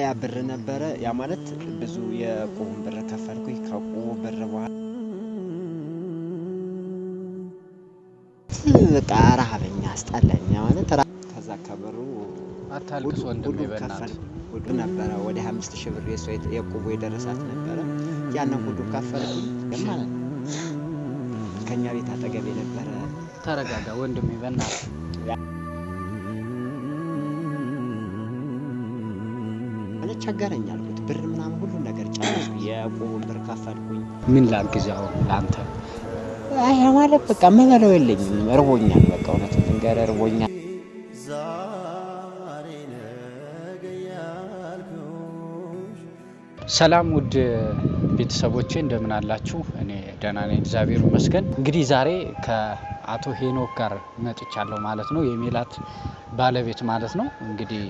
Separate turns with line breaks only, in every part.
ያ ብር ነበረ። ያ ማለት ብዙ የቁቡን ብር ከፈልኩኝ። ከቁቡ ብር በኋላ በቃ ረሃበኛ አስጠላኝ። ማለት ከዛ ከብሩ ሁሉ ነበረ ወደ አምስት ሺህ ብር የእሷ የቁቡ የደረሳት ነበረ። ያንን ሁሉ ከፈልኩኝ ማለት ከእኛ ቤት አጠገብ የነበረ
ተረጋጋ ወንድም በእናትህ
ማለት ቸገረኝ አልኩት። ብር ምናምን ሁሉን ነገር ጨረስኩ። የቁቡን ብር ከፈልኩኝ።
ምን ላግዝ አሁን ለአንተ?
አይ ማለት በቃ የምበለው የለኝም፣ እርቦኛል። በቃ እውነት ንገር እርቦኛል።
ሰላም ውድ ቤተሰቦቼ እንደምን አላችሁ? እኔ ደህና ነኝ እግዚአብሔር ይመስገን። እንግዲህ ዛሬ ከአቶ ሄኖክ ጋር መጥቻለሁ ማለት ነው፣ የሜላት ባለቤት ማለት ነው እንግዲህ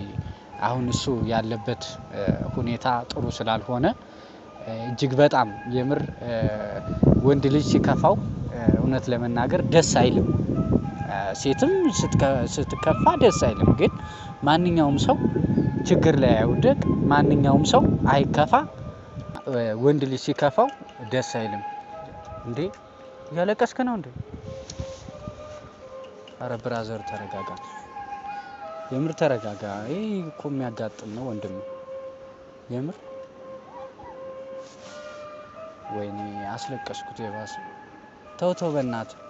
አሁን እሱ ያለበት ሁኔታ ጥሩ ስላልሆነ እጅግ በጣም የምር ወንድ ልጅ ሲከፋው እውነት ለመናገር ደስ አይልም። ሴትም ስትከፋ ደስ አይልም። ግን ማንኛውም ሰው ችግር ላይ አይውደቅ፣ ማንኛውም ሰው አይከፋ። ወንድ ልጅ ሲከፋው ደስ አይልም። እንዴ እያለቀስክ ነው እንዴ? አረ ብራዘር ተረጋጋ። የምር ተረጋጋ። ይህ እኮ የሚያጋጥም ነው ወንድም፣ የምር ወይኔ አስለቀስኩት። የባሰ ተው ተው፣ በእናትህ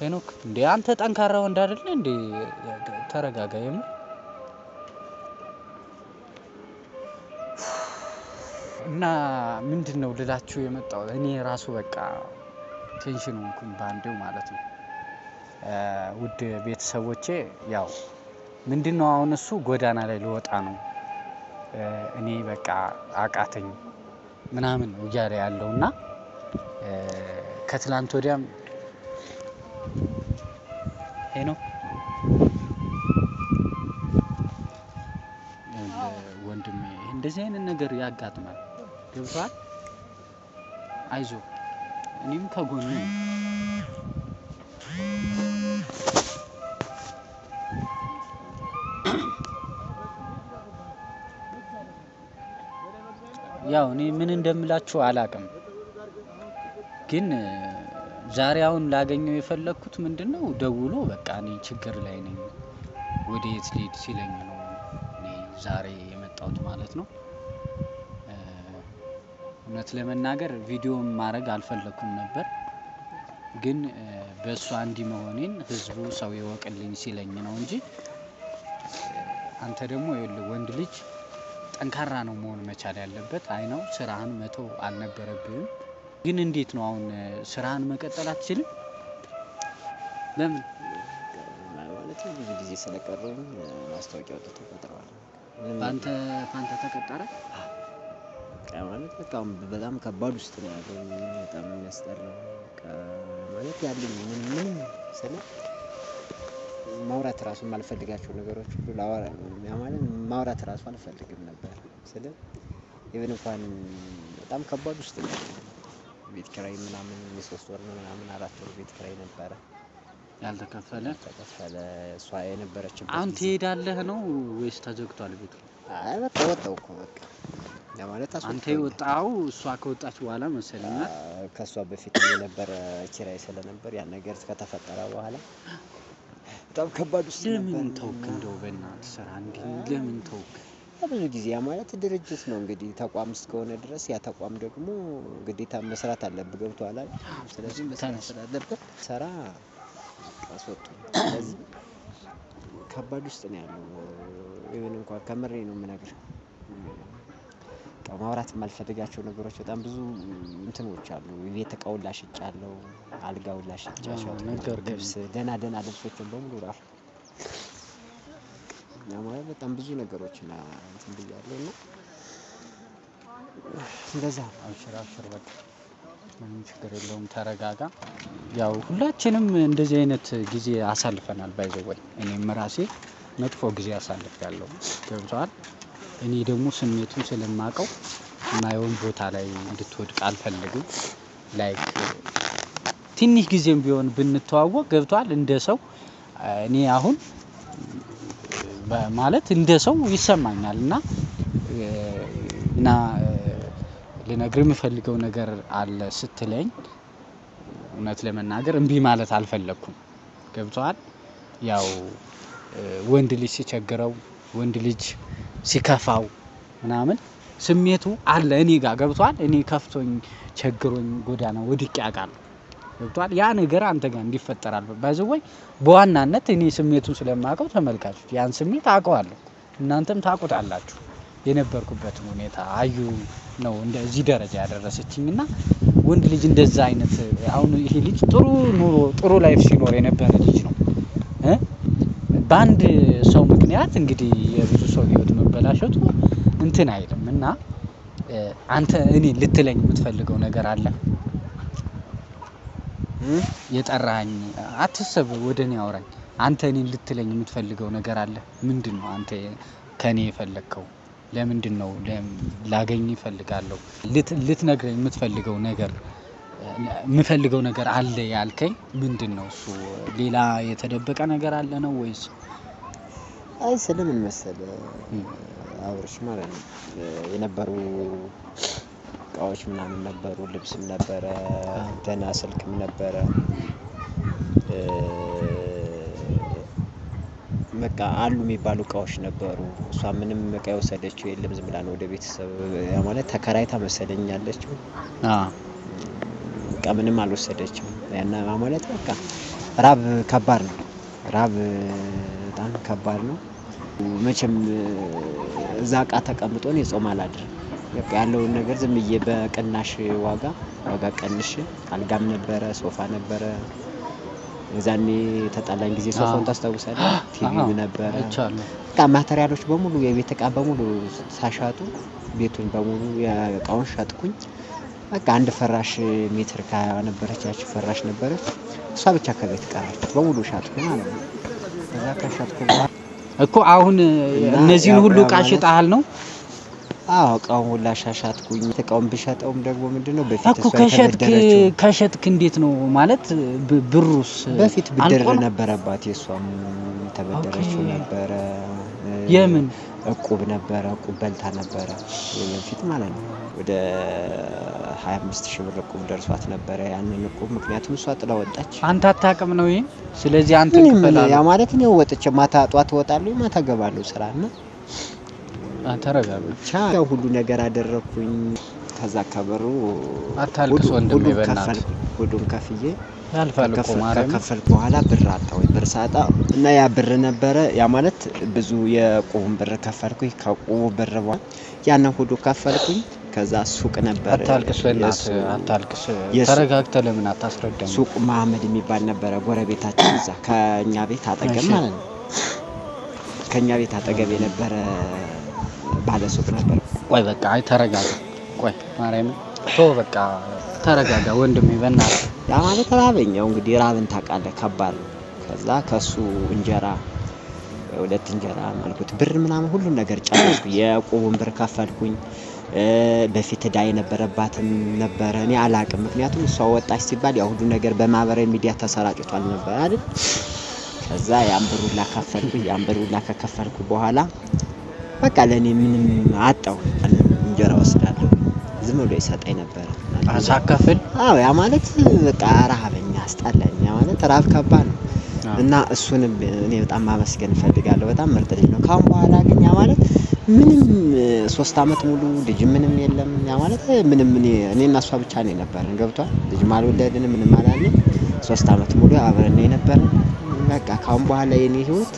ሄኖክ እንዴ አንተ ጠንካራ ወንድ አይደለ እንዴ? ተረጋጋ የምር እና ምንድን ነው ልላችሁ የመጣው እኔ ራሱ በቃ ቴንሽን ሆንኩኝ በአንዴው ማለት ነው። ውድ ቤተሰቦቼ ያው ምንድን ነው አሁን እሱ ጎዳና ላይ ልወጣ ነው እኔ በቃ አቃተኝ ምናምን እያለ ያለው እና ከትላንት ወዲያም ነው ወንድሜ እንደዚህ አይነት ነገር ያጋጥማል። ገብቷል። አይዞ እኔም ከጎኑ ያው እኔ ምን እንደምላችሁ አላቅም ግን ዛሬ አሁን ላገኘው የፈለግኩት ምንድነው ደውሎ በቃ እኔ ችግር ላይ ነኝ ወደ የት ልሂድ ሲለኝ ነው እኔ ዛሬ የመጣሁት ማለት ነው። እውነት ለመናገር ቪዲዮም ማድረግ አልፈለኩም ነበር ግን በእሱ አንዲ መሆኔን ህዝቡ ሰው ይወቅልኝ ሲለኝ ነው እንጂ አንተ ደግሞ ወንድ ልጅ ጠንካራ ነው መሆን መቻል ያለበት። አይ ነው ስራህን መቶ አልነበረብህም። ግን እንዴት ነው አሁን ስራህን መቀጠል አትችልም? ለምን
ማለት ነው? ብዙ ጊዜ ስለቀረኝ ማስታወቂያ ወጥቶ ተቀጥረዋል።
አንተ ፋንታ ተቀጠረ
ማለት በቃ በጣም ከባድ ውስጥ ነው ያለው። በጣም የሚያስጠላው ማለት ያለኝ ምንም ስለ ማውራት ራሱ የማልፈልጋቸው ነገሮች ሁሉ ማለት ማውራት ራሱ አልፈልግም ነበር። ስለ ኢቨን እንኳን በጣም ከባድ ውስጥ ነው ቤት ኪራይ ምናምን የሶስት ወር ምናምን አራት ወር ቤት ኪራይ ነበረ
ያልተከፈለ
ተከፈለ። እሷ የነበረችበት
አሁን ትሄዳለህ ነው ወይስ ተዘግቷል ቤቱ?
አይ በቃ ወጣው እኮ በቃ ለማለት
አንተ ወጣው እሷ ከወጣች በኋላ መሰለኝ
ከእሷ በፊት የነበረ ኪራይ ስለነበር ያን ነገር ከተፈጠረ በኋላ በጣም ከባድ ውስጥ
ነበር። ለምን ተውክ? እንደው በእናትህ ስራ እንዲህ ለምን ተውክ?
ብዙ ጊዜ ያ ማለት ድርጅት ነው እንግዲህ ተቋም እስከሆነ ድረስ ያ ተቋም ደግሞ ግዴታ መስራት አለብህ። ገብቶሃል አይደል?
ስለዚህ መስራት ስላለበት
ሰራ አስወጡ። ስለዚህ ከባድ ውስጥ ነው ያለው። ይሁን እንኳን ከምሬ ነው የምነግርህ ማውራት የማልፈልጋቸው ነገሮች በጣም ብዙ እንትኖች አሉ። የቤት እቃውን ላሽጫለሁ፣ አልጋውን ላሽጫለሁ፣ ልብስ ደህና ደህና ልብሶችን በሙሉ ራሱ ማለት በጣም ብዙ ነገሮች እንትን ብያለሁ እና
እንደዛ አብሽራብሽር ምንም ችግር የለውም፣ ተረጋጋ። ያው ሁላችንም እንደዚህ አይነት ጊዜ አሳልፈናል። ባይዘወይ እኔም ራሴ መጥፎ ጊዜ አሳልፍ ያለው ገብተዋል እኔ ደግሞ ስሜቱን ስለማቀው ማየውን ቦታ ላይ እንድትወድቅ አልፈልግም። ላይክ ትንሽ ጊዜም ቢሆን ብንተዋወቅ ገብቷል። እንደ ሰው እኔ አሁን ማለት እንደ ሰው ይሰማኛል እና እና ልነግር የምፈልገው ነገር አለ ስትለኝ እውነት ለመናገር እምቢ ማለት አልፈለግኩም። ገብቷል። ያው ወንድ ልጅ ሲቸግረው ወንድ ልጅ ሲከፋው ምናምን ስሜቱ አለ እኔ ጋር ገብቷል። እኔ ከፍቶኝ ቸግሮኝ ጎዳና ወድቄ አውቃለሁ። ገብቷል። ያ ነገር አንተ ጋር እንዲፈጠር ባይዘ ወይ በዋናነት እኔ ስሜቱን ስለማውቀው ተመልካቾች ያን ስሜት አውቀዋለሁ። እናንተም ታውቁታላችሁ። የነበርኩበትን ሁኔታ አዩ ነው እንደዚህ ደረጃ ያደረሰችኝ እና ወንድ ልጅ እንደዛ አይነት አሁን ይሄ ልጅ ጥሩ ኑሮ ጥሩ ላይፍ ሲኖር የነበረ ልጅ ነው በአንድ ሰው ምክንያት እንግዲህ የብዙ ሰው ህይወት መበላሸቱ እንትን አይልም እና አንተ እኔ ልትለኝ የምትፈልገው ነገር አለ? የጠራኝ አትሰብ ወደ እኔ አውራኝ። አንተ እኔ ልትለኝ የምትፈልገው ነገር አለ? ነው አንተ ከእኔ ለምንድን ነው ላገኝ ይፈልጋለሁ ልትነግረኝ የምትፈልገው ነገር የምፈልገው ነገር አለ ያልከኝ ነው እሱ ሌላ የተደበቀ ነገር አለ ነው ወይስ
አይ ስለምን መሰለ አብርሽ ማለት ነው የነበሩ እቃዎች ምናምን ነበሩ፣ ልብስም ነበረ፣ ደህና ስልክም ነበረ። በቃ አሉ የሚባሉ እቃዎች ነበሩ። እሷ ምንም እቃ የወሰደችው የለም። ዝም ብላ ነው ወደ ቤተሰብ ማለት ተከራይታ መሰለኝ ያለችው። በቃ ምንም አልወሰደችው ያና ማለት በቃ ራብ ከባድ ነው። ራብ በጣም ከባድ ነው። መቼም እዛ እቃ ተቀምጦን የጾም አላድርም። ያለውን ነገር ዝም ብዬ በቅናሽ ዋጋ ዋጋ ቀንሽ አልጋም ነበረ፣ ሶፋ ነበረ። የዛኔ ተጣላኝ ጊዜ ሶፋውን ታስታውሳለ ቲቪ ነበረ። በቃ ማቴሪያሎች በሙሉ የቤት እቃ በሙሉ ሳሻጡ ቤቱን በሙሉ እቃውን ሸጥኩኝ። በቃ አንድ ፈራሽ ሜትር ከነበረች ያች ፈራሽ ነበረች። እሷ ብቻ ከቤት ቀረች፣ በሙሉ ሻጥኩ ማለት ነው። ከዛ ከሻጥኩ በኋላ
እኮ አሁን እነዚህን ሁሉ እቃ ሽጣሃል ነው?
አዎ እቃውን ሁላ ሻሻትኩኝ። እቃውን ብሸጠውም ደግሞ ነው በፊት
እኮ ከሸጥክ ከሸጥክ እንዴት ነው ማለት ብሩስ?
በፊት ብድር ነበረባት የእሷም ተበደረችው ነበረ የምን እቁብ ነበረ። እቁብ በልታ ነበረ በፊት ማለት ነው። ወደ 25 ሺህ ብር እቁብ ደርሷት ነበረ። ያንን እቁብ ምክንያቱም እሷ ጥላ ወጣች።
አንተ አታውቅም ነው ይህ። ስለዚህ አንተ
ያ ማለት ነው ወጥቼ ማታ ጧት እወጣለሁ፣ ማታ እገባለሁ ስራ እና
ተረጋብቻ
ሁሉ ነገር አደረኩኝ። ከዛ ከበሩ ሁሉም ከፍዬ
ከከፈል
በኋላ ብር አጣሁኝ። ብር ሳጣ እና ያ ብር ነበረ ያ ማለት ብዙ የቁቡን ብር ከፈልኩኝ። ከቁቡ ብር በኋላ ያን ሁሉ ከፈልኩኝ። ከዛ ሱቅ ነበር።
አታልቅስ፣ በእናትህ አታልቅስ። ተረጋግተህ ለምን አታስረዳም?
ሱቅ መሀመድ የሚባል ነበረ ጎረቤታችን፣ እዛ ከእኛ ቤት አጠገብ ማለት ነው። ከእኛ ቤት አጠገብ የነበረ ባለ ሱቅ ነበር።
ቆይ በቃ አይ ተረጋጋ። ቆይ ማርያም ቶ በቃ ተረጋጋ ወንድሜ፣ በእናትህ
ያ ማለት ራበኝ። ያው እንግዲህ ራብን ታውቃለህ፣ ከባድ ነው። ከዛ ከሱ እንጀራ ሁለት እንጀራ አልኩት፣ ብር ምናምን ሁሉን ነገር ጨረስኩ። የቆቡን ብር ከፈልኩኝ። በፊት እዳ የነበረባትም ነበረ፣ እኔ አላቅም። ምክንያቱም እሷ ወጣች ሲባል ያ ሁሉ ነገር በማህበራዊ ሚዲያ ተሰራጭቷል ነበር አይደል? ከዛ ያን ብር ሁላ ከፈልኩኝ። ያን ብር ሁላ ከከፈልኩ በኋላ በቃ ለእኔ ምንም አጣው እንጀራ ወስዳ ዝም ብሎ ይሰጠኝ ነበር። ሳካፍል አዎ፣ ያ ማለት በቃ ረሃበኛ አስጠላኝ። ያ ማለት ረሃብ ከባድ ነው እና እሱን እኔ በጣም ማመስገን እፈልጋለሁ። በጣም ምርጥ ልጅ ነው። ካሁን በኋላ ግን ያ ማለት ምንም ሶስት አመት ሙሉ ልጅ ምንም የለም። ያ ማለት ምንም እኔ እና እሷ ብቻ ነው የነበረን። ገብቷል። ልጅም አልወለድን ምንም አላለን። ሶስት አመት ሙሉ አብረን ነው የነበረን። በቃ ካሁን በኋላ የኔ ህይወት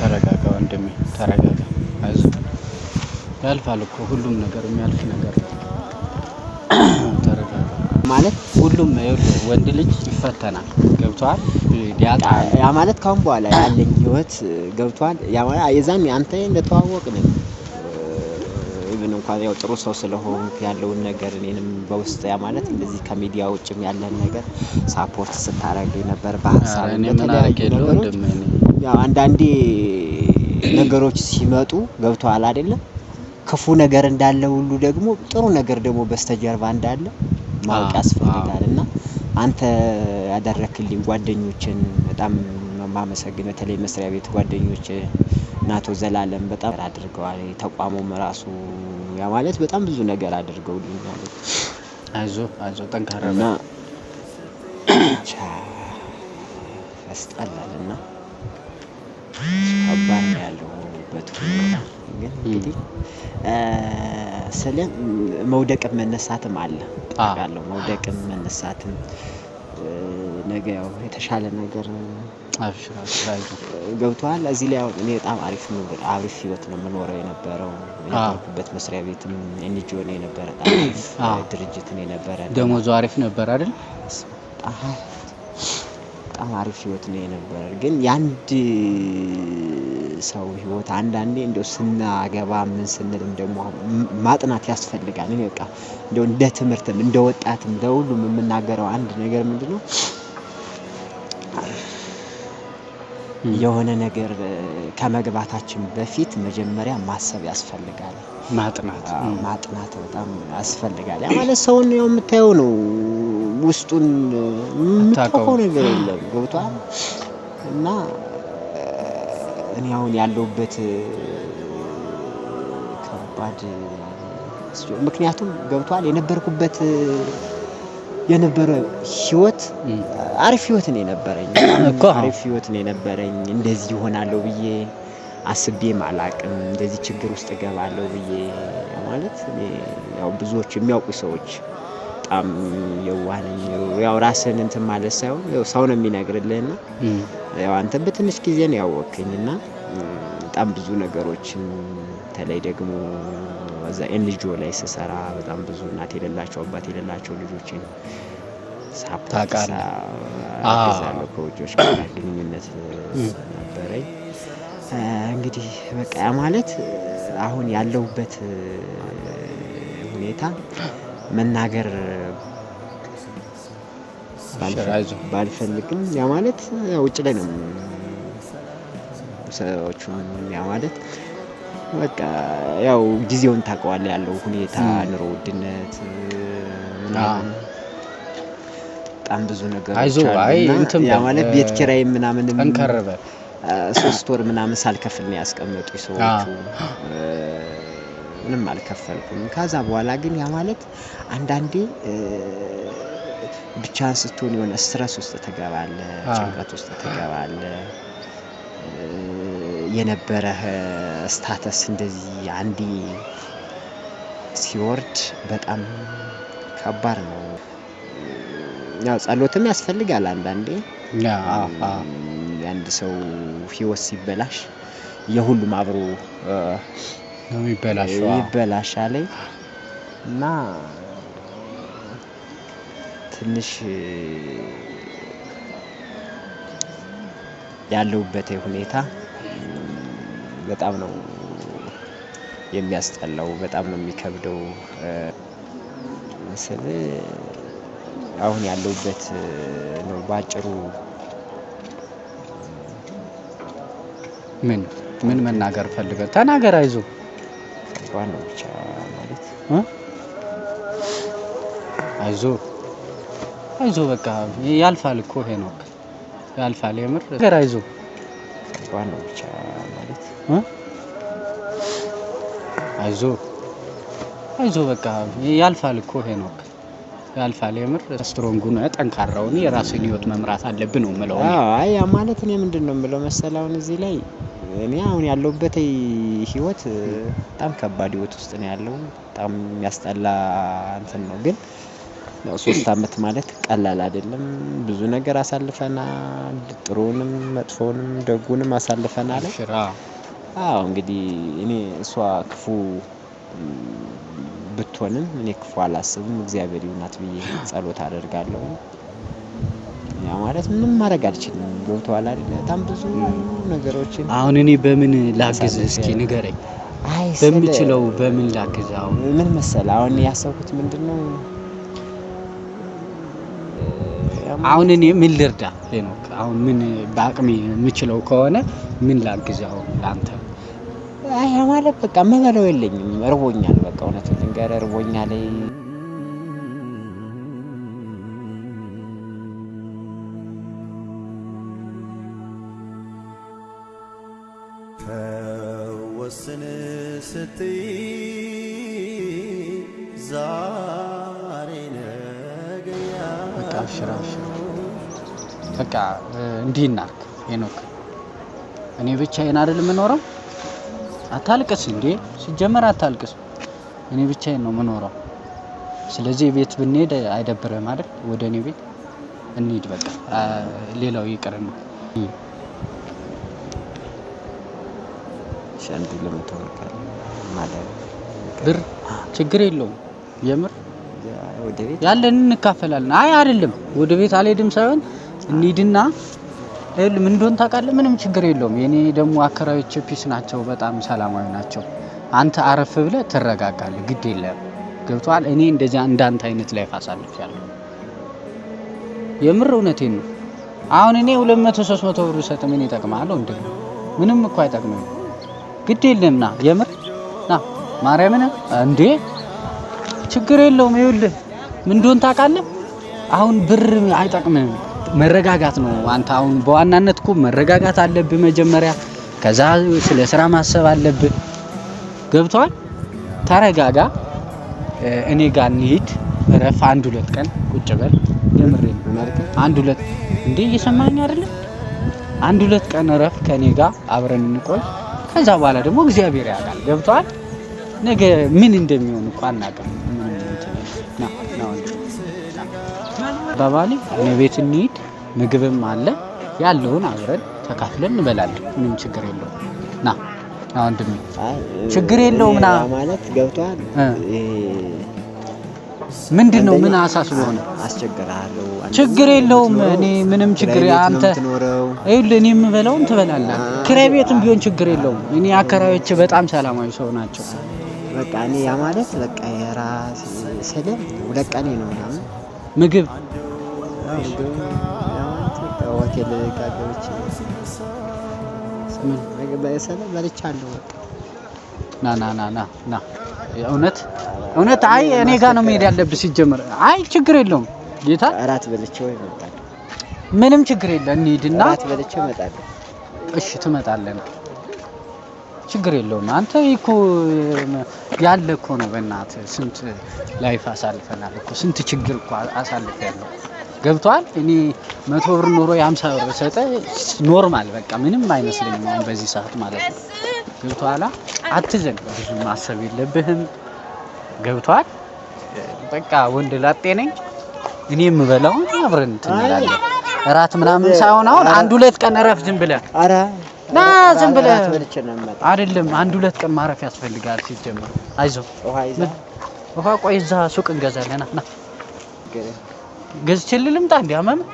ተረጋጋ ወንድሜ፣ ተረጋጋ። ያልፋል እኮ ሁሉም ነገር የሚያልፍ ነገር ነው። ማለት ሁሉም ወንድ ልጅ ይፈተናል። ገብቷል?
ያ ማለት ካሁን በኋላ ያለኝ ህይወት ገብቷል። የዛም አንተ እንደተዋወቅ ነው ኢቭን እንኳን ያው ጥሩ ሰው ስለሆን ያለውን ነገር እኔንም በውስጥ ያ ማለት እንደዚህ ከሚዲያ ውጭም ያለን ነገር ሳፖርት ስታረግ ነበር፣ በሀሳብ
በተለያዩ ነገሮች
ያው አንዳንዴ ነገሮች ሲመጡ ገብቷል አይደለም ክፉ ነገር እንዳለ ሁሉ ደግሞ ጥሩ ነገር ደግሞ በስተጀርባ እንዳለ ማወቅ ያስፈልጋል እና አንተ ያደረክልኝ ጓደኞችን በጣም ማመሰግን በተለይ መስሪያ ቤት ጓደኞች ናቶ ዘላለም በጣም አድርገዋል። ተቋሙም ራሱ ያ ማለት በጣም ብዙ ነገር አድርገውልኛል።
አይዞ አይዞ ጠንካራ
ያስጠላል እና ከባድ ግን እንግዲህ ስለ መውደቅም መነሳትም አለ ያለው መውደቅም መነሳትም ነገ ያው የተሻለ ነገር ገብተዋል። እዚህ ላይ አሁን እኔ በጣም አሪፍ አሪፍ ህይወት ነው የምኖረው የነበረው የነበርኩበት መስሪያ ቤትም ኤንጂኦ ነው የነበረ ድርጅት ነው የነበረ።
ደሞዙ አሪፍ ነበር አይደል?
በጣም አሪፍ ህይወት ነው የነበረ። ግን የአንድ ሰው ህይወት አንዳንዴ እንደው ስናገባ ምን ስንልም ደግሞ ማጥናት ያስፈልጋል። እኔ በቃ እንደው እንደ ትምህርትም እንደ ወጣትም ለሁሉም የምናገረው አንድ ነገር ነው የሆነ ነገር ከመግባታችን በፊት መጀመሪያ ማሰብ ያስፈልጋል። ማጥናት ማጥናት በጣም ያስፈልጋል። ያ ማለት ሰውን የምታየው ነው ውስጡን የምታውቀው ነገር የለም ገብቷል። እና እኔ አሁን ያለሁበት ከባድ ምክንያቱም ገብቷል የነበርኩበት የነበረ ህይወት አሪፍ ህይወት ነው የነበረኝ። አሪፍ ህይወት ነው የነበረኝ። እንደዚህ ይሆናለሁ ብዬ አስቤም አላቅም። እንደዚህ ችግር ውስጥ እገባለሁ ብዬ ማለት ያው ብዙዎች የሚያውቁ ሰዎች በጣም የዋህ ነኝ። ያው ራስን እንትን ማለት ሳይሆን ያው ሰው ነው የሚነግርልህና ያው አንተ በትንሽ ጊዜ ነው ያወቅኝና በጣም ብዙ ነገሮችን በተለይ ደግሞ እዛ ኤንጂኦ ላይ ስሰራ በጣም ብዙ እናት የሌላቸው አባት የሌላቸው ልጆችን
ሳታቃለሁ
ከውጮች ጋር ግንኙነት ነበረኝ። እንግዲህ በቃ ማለት አሁን ያለሁበት ሁኔታ መናገር ባልፈልግም ያ ማለት ውጭ ላይ ነው ሰዎቹ ያ ማለት በቃ ያው ጊዜውን ታውቀዋለህ፣ ያለው ሁኔታ ኑሮ ውድነት በጣም ብዙ
ነገሮች ያ
ማለት ቤት ኪራይ ምናምን ሶስት ወር ምናምን ሳልከፍል ነው ያስቀመጡ ሰዎቹ ምንም አልከፈልኩም። ከዛ በኋላ ግን ያ ማለት አንዳንዴ ብቻ ስትሆን የሆነ ስትረስ ውስጥ ትገባለህ፣ ጭንቀት ውስጥ ተገባለ የነበረ ስታተስ እንደዚህ አንዴ ሲወርድ በጣም ከባድ ነው። ያው ጸሎትም ያስፈልጋል አንዳንዴ የአንድ ሰው ህይወት ሲበላሽ የሁሉም አብሮ
ይበላሻል
እና ትንሽ ያለውበት ሁኔታ በጣም ነው የሚያስጠላው፣ በጣም ነው የሚከብደው ምስል አሁን ያለውበት ነው ባጭሩ።
ምን ምን መናገር ፈልገ ተናገር አይዞህ
ዋና ብቻ ማለት
አይዞ አይዞ በቃ ያልፋል እኮ ሄኖክ ያልፋል። የምር ነገር አይዞ
ዋና ብቻ ማለት
አይዞ አይዞ በቃ ያልፋል እኮ ሄኖክ ያልፋል። የምር ነው ጠንካራውን የራስን ህይወት መምራት አለብን ነው ምለው።
አይ ማለት እኔ ምንድን ነው ምለው መሰላውን እዚህ ላይ እኔ አሁን ያለሁበት ህይወት በጣም ከባድ ህይወት ውስጥ ነው ያለው በጣም የሚያስጠላ እንትን ነው። ግን ያው ሶስት አመት ማለት ቀላል አይደለም ብዙ ነገር አሳልፈናል ጥሩንም መጥፎንም ደጉንም አሳልፈናል። አዎ እንግዲህ እኔ እሷ ክፉ ብትሆንም እኔ ክፉ አላስብም እግዚአብሔር ይሁናት ብዬ ጸሎት አደርጋለሁ ያ ማለት ምንም ማድረግ አልችልም። ቦታዋል አይደለ? በጣም ብዙ ነገሮችን
አሁን እኔ በምን ላግዝ እስኪ ንገረኝ። አይ በምችለው በምን ላግዝ? አሁን
ምን መሰለ አሁን ያሰብኩት ምንድነው፣
አሁን እኔ ምን ልርዳ ሄኖክ? አሁን ምን በአቅሜ የምችለው ከሆነ ምን ላግዝ? አሁን ለአንተ
አይ ማለት በቃ መበለው የለኝም፣ እርቦኛል። በቃ እውነቱን ልንገርህ፣ እርቦኛል።
ስትይ ዛሬ ነገ በቃ እንዲህ እናርክ ሄኖክ፣ እኔ ብቻዬን አይደል የምኖረው። አታልቅስ እንዴ! ሲጀመር አታልቅስ። እኔ ብቻዬን ነው የምኖረው። ስለዚህ ቤት ብንሄድ አይደብርህም አይደል? ወደ እኔ ቤት እንሂድ። በቃ ሌላው ይቅርና አንዱ ለመቶ ብር ችግር የለውም። የምር ያለን እንካፈላለን። አይ አይደለም፣ ወደ ቤት አልሄድም ሳይሆን እንሂድና ምን እንደሆን ታውቃለህ። ምንም ችግር የለውም። የኔ ደግሞ አከራዮች ፒስ ናቸው፣ በጣም ሰላማዊ ናቸው። አንተ አረፍ ብለህ ትረጋጋለህ። ግድ የለም ገብቶሃል። እኔ እንደዚያ እንዳንተ አይነት ላይፍ አሳልፌያለሁ። የምር እውነቴን ነው። አሁን እኔ 200 300 ብር ሰጥ ምን ይጠቅማለሁ? እንደ ምንም እኮ አይጠቅምም። ግድ የለም ና፣ የምር ና፣ ማርያምን እንዴ፣ ችግር የለውም። ይኸውልህ ምን እንደሆነ ታውቃለህ? አሁን ብር አይጠቅምም፣ መረጋጋት ነው። አንተ አሁን በዋናነት እኮ መረጋጋት አለብህ መጀመሪያ፣ ከዛ ስለ ስራ ማሰብ አለብህ። ገብቷል? ተረጋጋ። እኔ ጋር እንሂድ፣ እረፍ፣ አንድ ሁለት ቀን ቁጭ በል። የምሬ አንድ ሁለት እንዴ፣ እየሰማኝ አይደለም? አንድ ሁለት ቀን እረፍ፣ ከኔ ጋር አብረን እንቆይ። ከዛ በኋላ ደግሞ እግዚአብሔር ያውቃል። ገብቷል። ነገ ምን እንደሚሆን እኮ አናውቅም። አባባሌ እኔ ቤት እንሂድ፣ ምግብም አለ ያለውን አብረን ተካፍለን እንበላለን። ምንም ችግር የለውም። ና ወንድሜ፣ ችግር የለውም። ና
ማለት ገብቷል።
ምንድን ነው? ምን አሳስቦ ሆነ?
አስቸግራለሁ።
ችግር የለውም። እኔ ምንም ችግር
አንተ ይኸውልህ፣
እኔ የምበላውን ትበላለህ። ክራይ ቤትም ቢሆን ችግር የለውም። እኔ አከራዮች በጣም ሰላማዊ ሰው ናቸው።
በቃ እኔ ያ ማለት በቃ የራስ ስለ ሁለት ቀን ነው ምናምን ምግብ ሆቴል ጋገሮች ምን በልቻለሁ። በቃ
ና ና ና ና እውነት እውነት አይ እኔ ጋር ነው መሄድ ያለብህ ሲጀመር። አይ ችግር የለውም ጌታ አራት
በልቼው ይመጣል።
ምንም ችግር የለም እንሂድና አራት
በልቼው እመጣለሁ።
እሺ ትመጣለህ፣ ችግር የለውም። አንተ እኮ ያለ እኮ ነው በእናትህ ስንት ላይፍ አሳልፈናል እኮ ስንት ችግር እኮ አሳልፈናል። ገብቷል። እኔ መቶ ብር ኖሮ የሀምሳ ብር ሰጠ ኖርማል በቃ ምንም አይመስለኝም አሁን በዚህ ሰዓት ማለት ነው። ገብቷላ። አትዘን ብዙ ማሰብ የለብህም ገብቷል። በቃ ወንድ ላጤ ነኝ እኔ የምበላውን አብረን እንትንላለን። እራት ምናምን ሳይሆን አሁን አንድ ሁለት ቀን እረፍ ዝም ብለህ ና ዝም ብለህ አይደለም፣ አንድ ሁለት ቀን ማረፍ ያስፈልጋል። ሲጀምር አይዞህ፣ ውሃ ቆይ፣ እዛ ሱቅ እንገዛለን። ና ገዝቼ ልምጣ እንዲህ